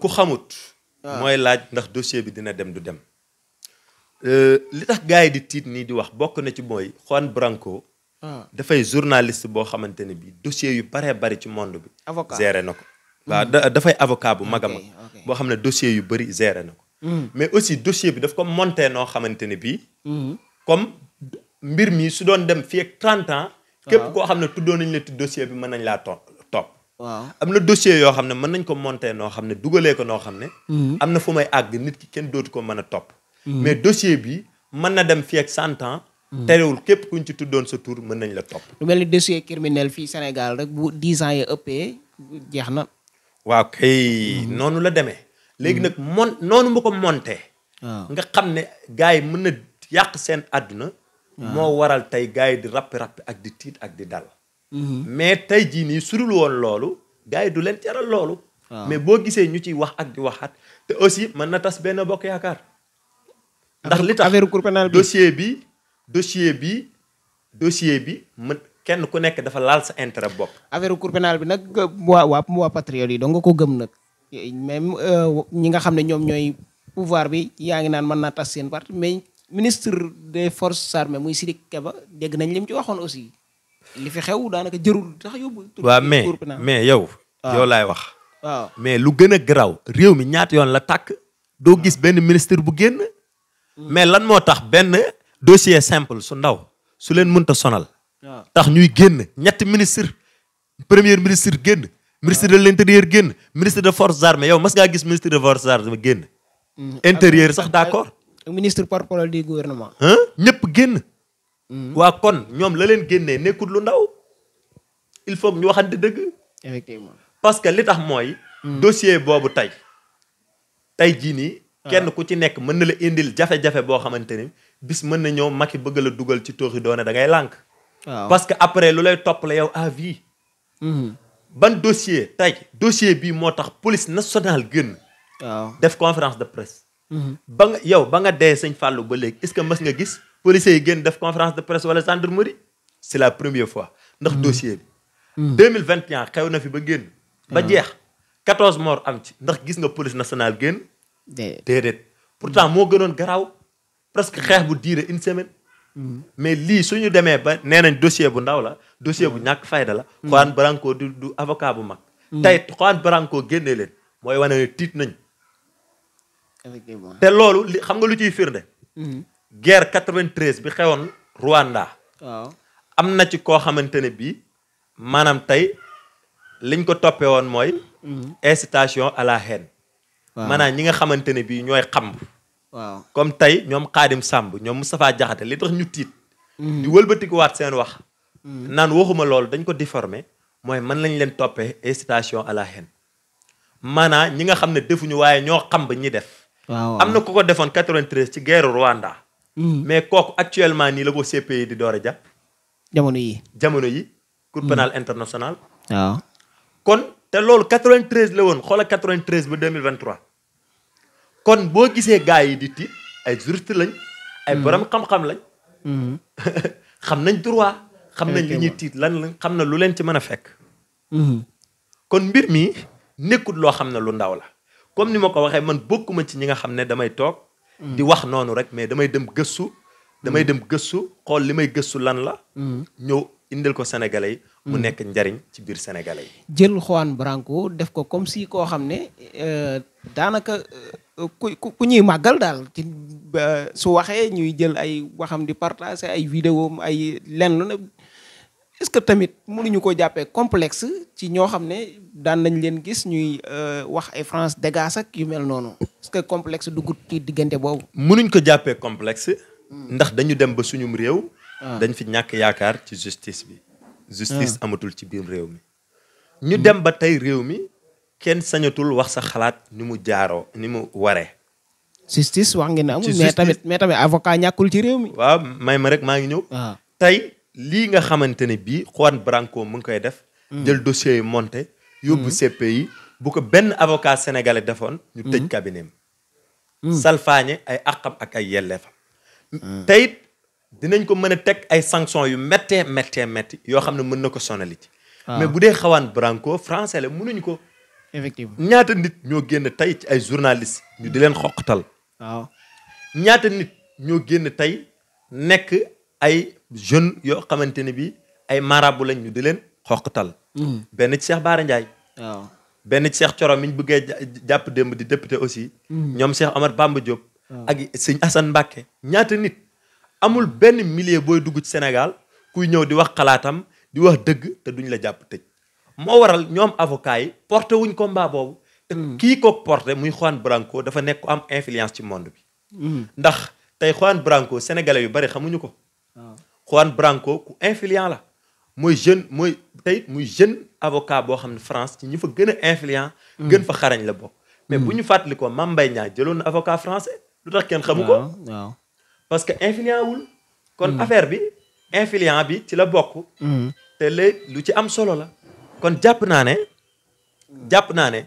ku xamut. Ah. mooy laaj ndax dossier bi dina dem du dem. Euh, li tax gars yi di tiit nii di wax bokk na ci mooy Juan Branco. Ah. dafay journaliste boo xamante ne bi dossier yu baree bari ci monde bi. avocat na ko. Hmm. waaw dafay avocat bu mag a mag. boo xam ne dossier yu bëri géré na ko. Hmm. mais aussi dossier bi daf ko monté noo xamante ne bii. Hmm. comme mbir mi su doon dem fii ak 30 ans. Ah. koo xam ne tuddoon nañ la ci dossier bi mën nañ laa tontu. waaw am na dossier yoo xam ne mën nañ ko monter noo xam ne dugalee ko noo xam ne mhm. am na fu may àgg nit ki kenn dootu ko mën a topp mhm. mais dossier bi mën na dem fii ak cent ans mhm. terewul képp kuñ ci tuddoon sa tur mën nañ la topp lu mel ni dossier criminel fii Sénégal rek bu dix ans ya ëppee jeex na waaw kay noonu la demee léegi nag mon noonu mu ko monté nga xam ne gars yi mën na yàq seen àdduna moo waral tey gars yi di rappi rappi ak di tiit ak di dal Mm-hmm. mais tey jii nii surul woon loolu gars yi du leen jaral loolu ah. mais boo gisee ñu ciy wax ak di waxaat te aussi mën na tas benn bokk yaakaar ndax li tax affaire bi dossier bi dossier bi dossier kenn ku nekk dafa laal sa intérêt bopp affaire cour pénale bi nag waa waa waa patriote yi danga ko gëm nag même euh, ñi nga xam ne ñoom ñooy pouvoir bi yaa ngi naan mën na tas seen parti mais ministre force forces armées muy Sidiki Kaba dégg nañ lim ci waxoon aussi li daanaka jërul tax yóbbu. waaw mais mais yow. yow laay wax. waaw mais lu gën a garaaw. réew mi ñaat yoon la takk doo gis benn ministre bu génn. Mm. mais lan moo tax benn dossier simple su ndaw su leen mënta sonal. tax ñuy génn ñetti ministre premier ministre génn. ministre de l' intérieur génn. ministre de forces armées yow mas ngaa gis ministre de forces armées génn. Mm. intérieur sax d' accord. ministre porte-parole gouvernement. ñëpp génn. Mm-hmm. waa kon ñoom la leen génnee nekkut lu ndaw il faut ñu waxante dëgg. effectivement parce que li tax mooy. Mm-hmm. dossier boobu tey tey jii nii. Ah. kenn ku ci nekk mën na la indil jafe-jafe boo xamante ni bis mën na ñëw i bëgg la dugal ci tooxi doone da ngay lànk. parce que après lu lay topp la yow à vie. Mm-hmm. ban dossier tey dossier bii moo tax police nationale génn. def conférence de presse. ba nga yow ba nga dee sëñ Fallou ba léegi est-ce que mës nga gis. policiers yi génn def conférence de presse wala gendarmerie c'est la première fois. ndax mm. mm. mille vingt 2021 xew na fi ba génn. ba mm. jeex 14 morts am ci ndax gis nga police nationale génn. pour pourtant moo gënoon garaw presque xeex bu diire une semaine. mais lii suñu demee ba nee nañ dossier bu ndaw la dossier bu ñàkk fayda la. Juan Branco du du avocat bu mag. tey Juan Branco génnee leen mooy wane ne tiit nañ. te loolu xam lu ciy firnde. guerre 93 bi xewoon Rwanda. am na ci koo xamante ne bii maanaam tey liñ ko toppee woon mooy. Mhm. incitation à la haine. waaw maanaam ñi nga xamante ne bii ñooy xamb. waaw comme tey ñoom Xaadim Samb ñoom Moustapha Diakhaté li tax ñu tiit. Mhm. di wëlbatikuwaat seen wax. Mhm. naan waxuma loolu dañ ko déformé mooy man lañ leen toppee incitation à la haine maanaam ñi nga xam ne defuñu waaye ñoo xamb ñi def. waaw am na ku ko defoon 93 ci guerre Rwanda. Hmm. mais kooku actuellement nii la ko CPI di door a jàpp. jamono yi jamono yi. cour hmm. pénale internationale. waaw kon te loolu 93 la woon xoola 93 ba 2023. kon boo gisee gaa yi di tiit ay juriste lañ. ay hmm. borom xam-xam lañ. xam nañ droit. xam nañ li tiit lan la xam na lu leen ci mën a fekk. kon mbir mi nekkut loo xam ne lu ndaw la comme ni ma ko waxee man bokkuma ci ñi nga xam ne damay toog. di wax noonu rek mais damay dem gëstu. damay mm. dem gëstu xool li may gëstu lan la. Mm. ñëw indil ko sénégalais yi. mu mm. nekk njariñ ci biir sénégalais yi. jël Juan Branco def ko comme si koo xam ne euh, daanaka euh, ku ñuy màggal daal euh, su waxee ñuy jël ay waxam di partager ay vidéo ay lenn lu ne est-ce que tamit mënuñu koo jàppee complexe ci ñoo xam ne daan nañ leen gis ñuy euh, wax ay France dégâts ak yu mel noonu est que complexe duggut ci diggante boobu. mënuñ ko jàppee complexe. Hmm. ndax dañu dem ba suñum réew. Ah. dañ fi ñàkk yaakaar ci justice bi. Ah. justice amatul ci biir réew mi. ñu dem ba tey réew mi kenn sañatul wax sa xalaat ni mu jaaroo ni mu waree. justice wax ngeen ne amul mais tamit mais tamit avocat ñàkkul ci réew mi. waaw may ma rek maa ngi ñëw. Ah. tey. lii nga xamante ne bii Juan Branco mu ngi koy def. Mm. jël dossier yi monté. yóbbu mm. yi bu ko benn avocat sénégalais defoon. ñu mm. tëj cabinet am. salfaañe ay àqam ak ay yelleefam. tey it dinañ ko mën a teg ay sanctions yu méttee méttee métti yoo xam ne mën na ko sonali ci. Ah. mais bu dee Juan Branco français la mënuñ ko. ñaata nit ñoo génn tey ci ay journalistes ñu di leen xoqatal. Ah. ñaata nit ñoo génn tey nekk ay. jeune yoo xamante ne bi ay marabu lañ ñu di leen xoqtal hmm. benn ci Cheikh Baara Ndiaye waaw benn ci Cheikh miñ mi ñu bëggee jàpp démb di député aussi hmm. ñoom seex Omar Bamba Diop hmm. ak sëñ Assane Mbacke ñaata nit amul benn millier booy dugg ci Sénégal kuy ñëw di wax xalaatam di wax dëgg te duñ la jàpp tëj moo waral ñoom avocat yi porté wuñ combat boobu te kii ko porté muy Juan Branco dafa nekk am influence ci monde bi ndax tey Juan Branco sénégalais yu bari xamuñu ko Juan Branco ku influent la mooy jeune mooy tey muy jeune avocat boo xam ne France ci ñi fa gën a influent mm. gën fa xarañ la bokk. mais mm. bu ñu fàttali ko Mame Mbaye Niang jëloon na avocat français lu tax kenn xamu ko parce que influent wul kon mm. affaire bi influent bi ci la bokk te léegi lu ci am solo la kon jàpp naa ne jàpp naa ne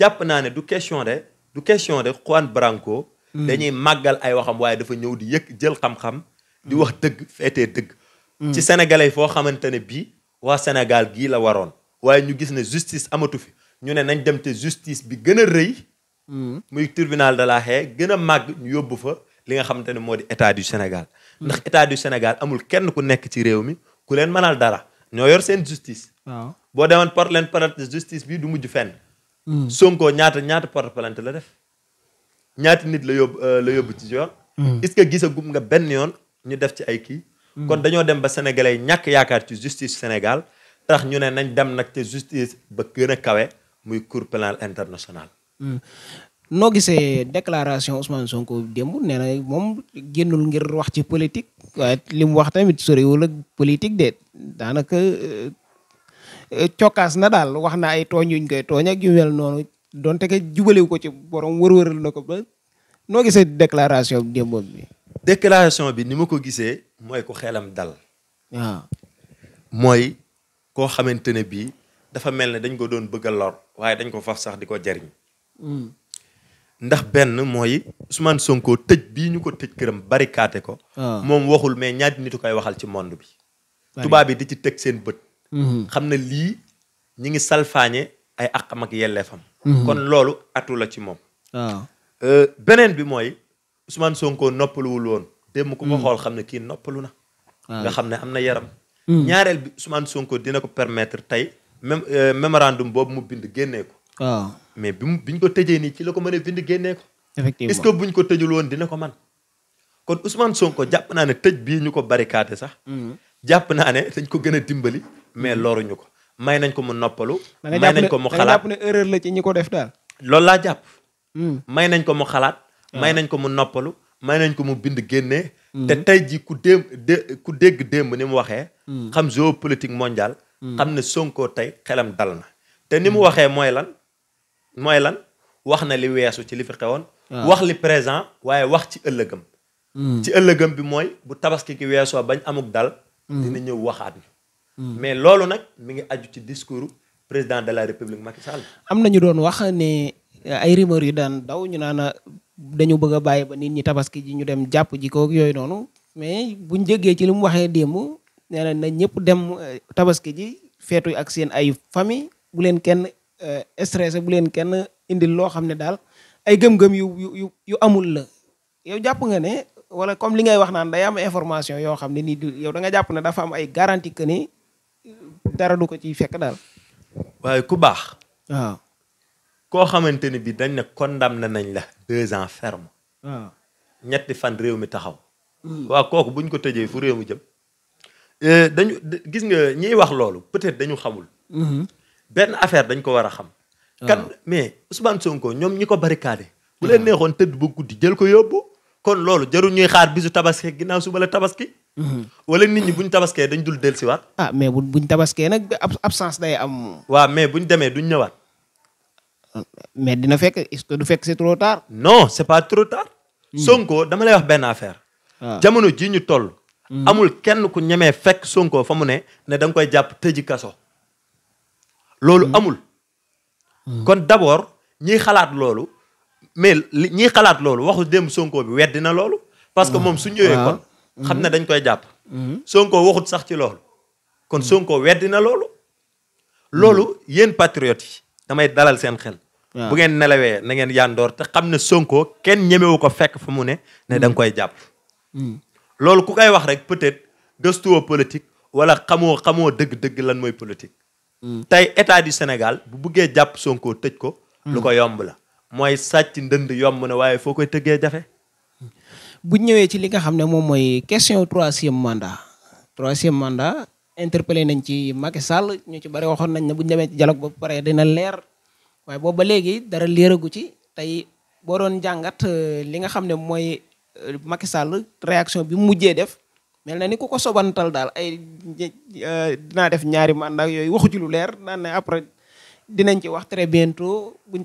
jàpp naa ne du question de du question de Juan Branco dañuy màggal ay waxam waaye dafa ñëw di yëkk jël xam-xam di wax dëgg feetee dëgg hmm. ci sénégalais foo xamante ne bii waa sénégal gii la waroon waaye ñu gis ne justice amatu fi ñu ne nañ dem te justice bi gën a rëy hmm. muy tribunal de la Haye gën a màgg ñu yóbbu fa li nga xamante ne moo di état du Sénégal hmm. ndax état du Sénégal amul kenn ku nekk ci réew mi ku leen mënal dara ñoo yor seen justice boo demoon porte leen plainte justice bii du mujj fenn Sonko ñaata ñaata porte plainte la def ñaata nit la yóbbu euh, la yóbbu ci yoon est gisagum nga benn yoon ñu def ci ay kii. Hmm. kon dañoo dem ba sénégalais ñàkk yaakaar ci justice Sénégal tax ñu ne nañ dem nag te justice ba gën kawe muy cour pénal international. Hmm. noo gisee déclaration Ousmane Sonko démb nee na moom génnul ngir wax ci politique waaye li mu wax tamit soriwul ak politique de daanaka euh, euh, cokaas na daal wax na ay tooñ yuñ koy tooñ ak yu mel noonu donte ke jubalewu ko ci borom wër-wëral na ko ba noo gisee déclaration démb bi. déclaration bi ni ma ko gisee mooy ko xelam dal. waaw mooy koo xamante ne bii dafa mel ne dañ ko doon bëgg a lor waaye dañ ko faf sax di ko jariñ hmm. ndax benn mooy Ousmane Sonko tëj bii ñu ko tëj këram barikaate ko. Ah. moom waxul mais ñaari nit koy waxal ci monde bi. tubaab yi di ci teg seen bët. Hmm. xam na lii ñi ngi salfaañe ay àqam ak yelleefam. Hmm. kon loolu atu la ci moom. Ah. Euh, beneen bi mooy. Ousmane Sonko noppaluwul woon. démb ku ko hmm. xool xam ne kii noppalu na. Ah. nga xam ne am na yaram. Hmm. ñaareel bi Ousmane Sonko dina ko permettre tey même euh, mémorandum boobu mu bind génnee ko. waaw ah. mais bi mu bi ko tëjee nii ci la ko mën a bind génnee ko. effectivement est-ce que buñ ko tëjul woon dina ko man kon Ousmane Sonko jàpp naa ne tëj bii ñu ko barricade sax. Hmm. jàpp naa ne dañ ko gën a dimbali. mais loruñu ko may nañ ko mu noppalu. may nañ ko mu xalaat da nga la ci ñi ko def daal. loolu laa jàpp. may nañ ko mu xalaat. may ah. nañ ko mu noppalu may nañ ko mu bind génnee mm-hmm. te tey ji ku démb dé ku dégg démb ni mu waxee mm-hmm. xam géopolitique mondiale mm-hmm. xam ne Sonko tey xelam dal na te ni mu waxee mooy lan mooy lan wax na li weesu ci li fi xewoon ah. wax li présent waaye wax ci ëllëgam ci ëllëgam bi mooy bu tabaski ki weesoo bañ amuk dal dina ñëw waxaat ñu mais loolu nag mu ngi aju ci discours président de la république Macky Sall am na ñu doon wax ne ay rumeur yu daan daw ñu naan dañu bëgg a bàyyi ba nit ñi tabaski ji ñu dem jàpp ji ko yooyu noonu mais bu jéggee ci li mu waxee démb nee na na ñëpp dem euh, tabaski ji feetu ak seen ay famille bu leen kenn euh, stressé bu leen kenn indil loo xam ne daal ay gëm-gëm yu yu yu amul la yow jàpp nga ne wala comme li ngay wax naan day am information yoo xam ne nii yow da nga jàpp ne dafa am ay garantie que ni euh, dara du ko ci fekk daal. waaye ku baax. koo xamante ni bi dañ ne condamné nañ la deux ans ah. ñetti fan réew mi taxaw. Hmm. waaw kooku buñ ko tëjee fu réew mi jëm. Eh, dañu gis nga ñiy wax loolu peut-être dañu xamul. Hmm. benn affaire dañ ko war a xam. Ah. kan mais Ousmane Sonko ñoom ñi ko barricadé. bu leen ah. neexoon tëdd ba guddi jël ko yóbbu. kon loolu jarul ñuy xaar bisu tabaski ginnaaw suba la tabaski. Hmm. wala nit ñi buñ tabaskee dañ dul dellusiwaat. ah mais buñ tabaskee nag absence day am. waa mais buñ demee duñ ñëwaat. mais dina fekk est-ce du fekk c'est trop tard. non c'est pas trop tard. Hmm. Sonko dama lay wax benn affaire. Ah. jamono ji ñu toll. Hmm. amul kenn ku ñemee fekk Sonko fa mu ne ne da koy jàpp tëji kaso. loolu hmm. amul. kon d'abord ñiy xalaat loolu mais ñiy xalaat loolu waxu démb Sonko bi weddi na loolu. parce que ah. moom su ñëwee ah. kon. xam ne dañ koy jàpp. Sonko waxut sax ci loolu. kon Sonko weddi na loolu. loolu yéen patriotes damay dalal seen xel. bu ngeen nelawee na ngeen yàndoor te xam ne Sonko kenn ñemewu ko fekk fu mu ne. ne da koy jàpp. Hmm. loolu ku koy wax rek peut-être gëstuwoo politique wala xamoo xamoo dëgg-dëgg lan mooy politique. Hmm. tey état du Sénégal bu buggee jàpp Sonko tëj ko. lu hmm. ko yomb la mooy sàcc ndënd yomb na waaye foo koy tëggee jafe. bu ñëwee ci li nga xam ne moom mooy question troisième mandat troisième interpellé nañ ci Macky Sall ñu ci bari waxoon nañ ne bu ñu demee ci dialogue ba pare dina leer waaye boobu ba léegi dara leeragu ci tey boo doon jàngat euh, li nga xam ne mooy euh, Macky Sall réaction bi mujjee def mel na ni ku ko sobantal daal ay euh, dinaa def ñaari mandat yooyu waxu ci lu leer naan ne après dinañ ci wax très bientôt buñ